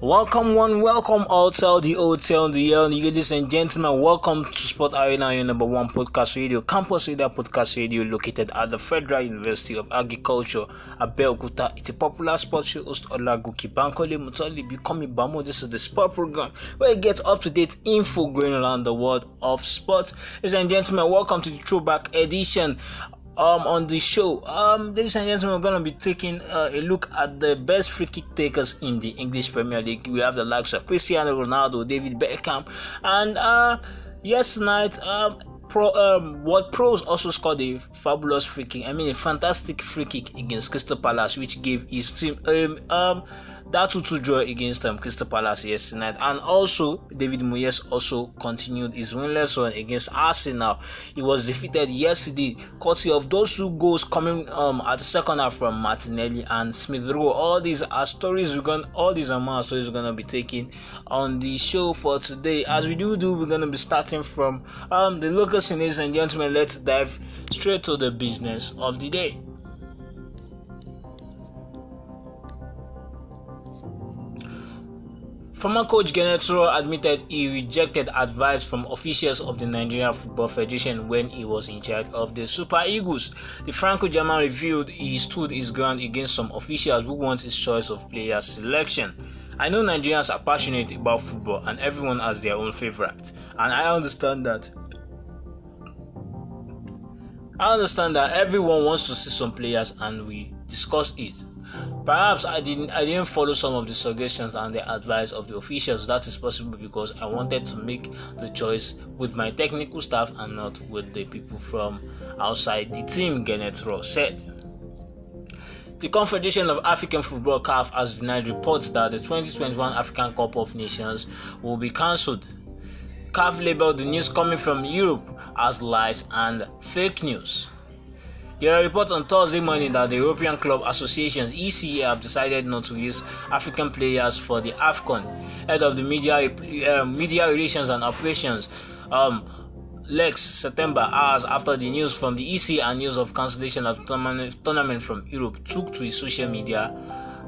Welcome one, welcome all, tell the hotel. the young, ladies and gentlemen, welcome to Sport Arena, your number one podcast radio, campus radio podcast radio located at the Federal University of Agriculture, Abeokuta. It's a popular sport show host Olaguki Bankole Mutoli Bikomi Bamo. This is the sport program where you get up-to-date info going around the world of sports. Ladies and gentlemen, welcome to the throwback edition um, on the show. Um, ladies and gentlemen, we're going to be taking uh, a look at the best free kick takers in the English Premier League. We have the likes of Cristiano Ronaldo, David Beckham, and uh, Um, Pro, um, what pros also scored a fabulous free kick. I mean, a fantastic free kick against Crystal Palace, which gave his team um, um that 2-2 draw against um, Crystal Palace yesterday night, and also David Moyes also continued his winless run against Arsenal. He was defeated yesterday, courtesy of those two goals coming um, at the second half from Martinelli and Smith Rowe. All these are stories we're going, all these amount stories we're gonna be taking on the show for today. As we do do, we're gonna be starting from um, the local scenes and gentlemen. Let's dive straight to the business of the day. Former coach Genetro admitted he rejected advice from officials of the Nigerian Football Federation when he was in charge of the Super Eagles. The Franco-German revealed he stood his ground against some officials who want his choice of player selection. I know Nigerians are passionate about football and everyone has their own favorite, and I understand that. I understand that everyone wants to see some players and we discuss it. Perhaps I didn't I didn't follow some of the suggestions and the advice of the officials. That is possible because I wanted to make the choice with my technical staff and not with the people from outside the team, Gennett Ross said. The Confederation of African Football CAF has denied reports that the 2021 African Cup of Nations will be cancelled. CAF labeled the news coming from Europe as lies and fake news. There are reports on Thursday morning that the European Club Associations ECA have decided not to use African players for the AFCON. Head of the Media, uh, media Relations and Operations, um, Lex September, hours after the news from the EC and news of cancellation of tournament from Europe, took to his social media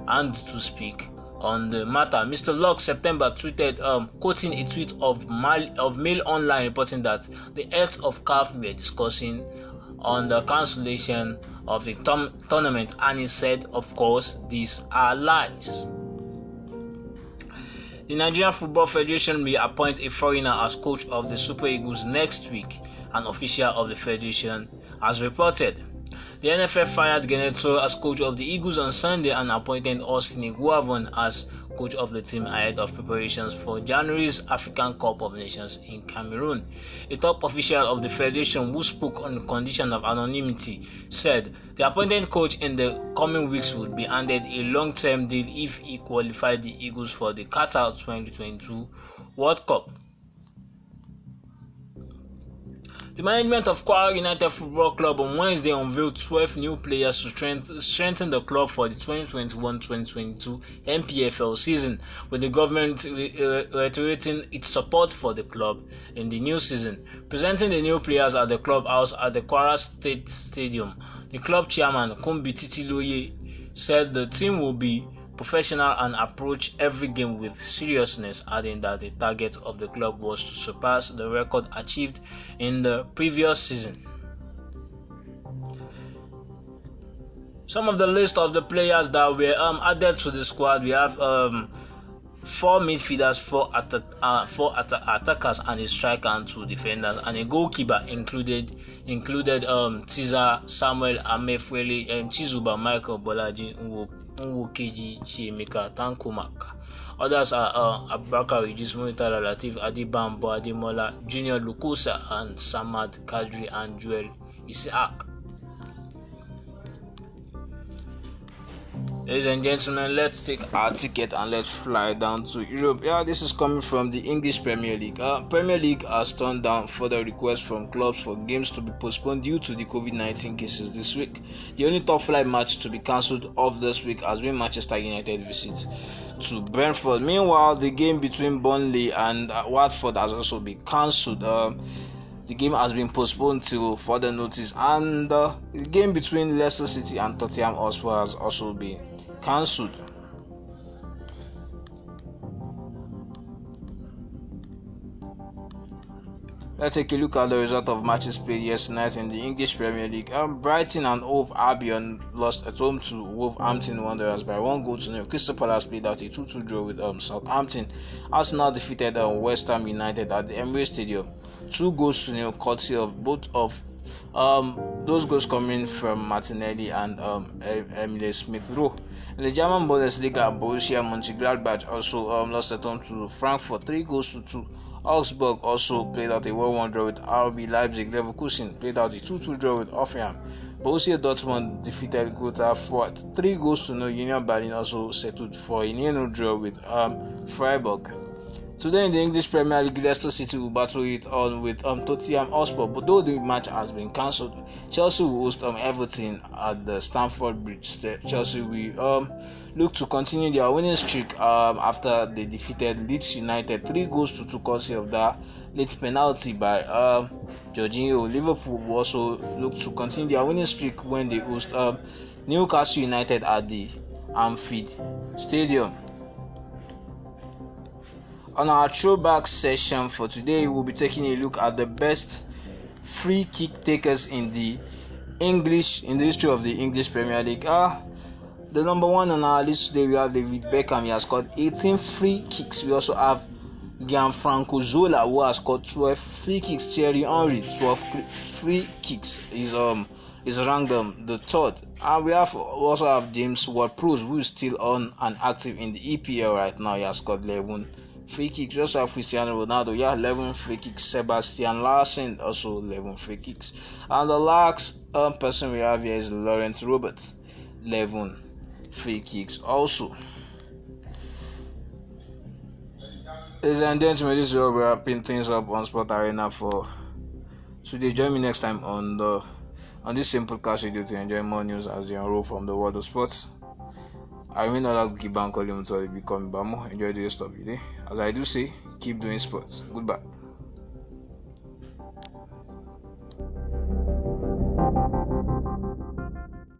and to speak on the matter. Mr. Locke September tweeted, um, quoting a tweet of, of Mail Online reporting that the heads of CAF were discussing on the cancellation of the tom- tournament and he said of course these are lies the nigerian football federation will appoint a foreigner as coach of the super eagles next week an official of the federation has reported the NFF fired Genetso as coach of the Eagles on Sunday and appointed Austin Iguavon as coach of the team ahead of preparations for January's African Cup of Nations in Cameroon. A top official of the federation who spoke on the condition of anonymity said the appointed coach in the coming weeks would be handed a long-term deal if he qualified the Eagles for the Qatar 2022 World Cup. The management of Kwara United Football Club on Wednesday unveiled 12 new players to strengthen the club for the 2021-2022 MPFL season, with the government reiterating its support for the club in the new season. Presenting the new players at the clubhouse at the Kwara State Stadium, the club chairman Kumbi Titiloye said the team will be professional and approach every game with seriousness, adding that the target of the club was to surpass the record achieved in the previous season. Some of the list of the players that were um, added to the squad we have um, four midfielders, four, at uh, four attackers, and a striker and two defenders, and a goalkeeper included included um, Tiza Samuel Amefuele, um, Chizuba Michael Bolaji, Nwokeji Chiemeka Tankumaka. Others are uh, Abubakar Regis, Adi Latif, Adi Mola Junior Lukusa, and Samad Kadri and Joel Isaac. Ladies and gentlemen, let's take our ticket and let's fly down to Europe. Yeah, this is coming from the English Premier League. Uh, Premier League has turned down further requests from clubs for games to be postponed due to the COVID 19 cases this week. The only top flight match to be cancelled off this week has been Manchester United visit to Brentford. Meanwhile, the game between Burnley and uh, Watford has also been cancelled. Uh, the game has been postponed till further notice, and uh, the game between Leicester City and Tottenham Hotspur has also been cancelled Let's take a look at the result of matches played yesterday night in the English Premier League. Um, Brighton and Hove Albion lost at home to Wolverhampton Wanderers by one goal to nil. Crystal Palace played out a 2-2 draw with um, Southampton. Arsenal defeated um, West Ham United at the Emirates Stadium. Two goals to nil courtesy of both of um, those goals coming from Martinelli and um, Emile Smith Rowe. The German Bundesliga, Borussia Mönchengladbach also um, lost at home to Frankfurt, three goals to two. Augsburg also played out a 1-1 draw with RB Leipzig. Leverkusen played out a 2-2 draw with Offenheim. Borussia Dortmund defeated Gotha for three goals to no. Union Berlin also settled for a 0 draw with um, Freiburg. Today in the English Premier League, Leicester City will battle it on with um, Tottenham Hotspur, but though the match has been cancelled, Chelsea will host um, Everton at the Stamford Bridge. Chelsea will um, look to continue their winning streak um, after they defeated Leeds United three goals to two, courtesy of that late penalty by um, Jorginho. Liverpool will also look to continue their winning streak when they host um, Newcastle United at the Anfield Stadium. On our throwback session for today, we'll be taking a look at the best free kick takers in the English in the history of the English Premier League. Ah, the number one on our list today we have David Beckham. He has scored 18 free kicks. We also have Gianfranco Zola who has scored 12 free kicks. Thierry Henry 12 free kicks. He's um is ranked um, the third. And we have also have James Ward-Prowse who is still on and active in the EPL right now. He has scored 11 free kicks. Just have Cristiano Ronaldo. Yeah, 11 free kicks. Sebastian Larsen also 11 free kicks. And the last um, person we have here is Lawrence Roberts. 11 free kicks also. Ladies and gentlemen, this is where we're wrapping things up on Sport Arena for today. Join me next time on the on this simple cast video to enjoy more news as they unroll from the world of sports. I mean, I'll keep on calling until they become Bamo. Enjoy the rest of your day. As I do say, keep doing sports. Goodbye.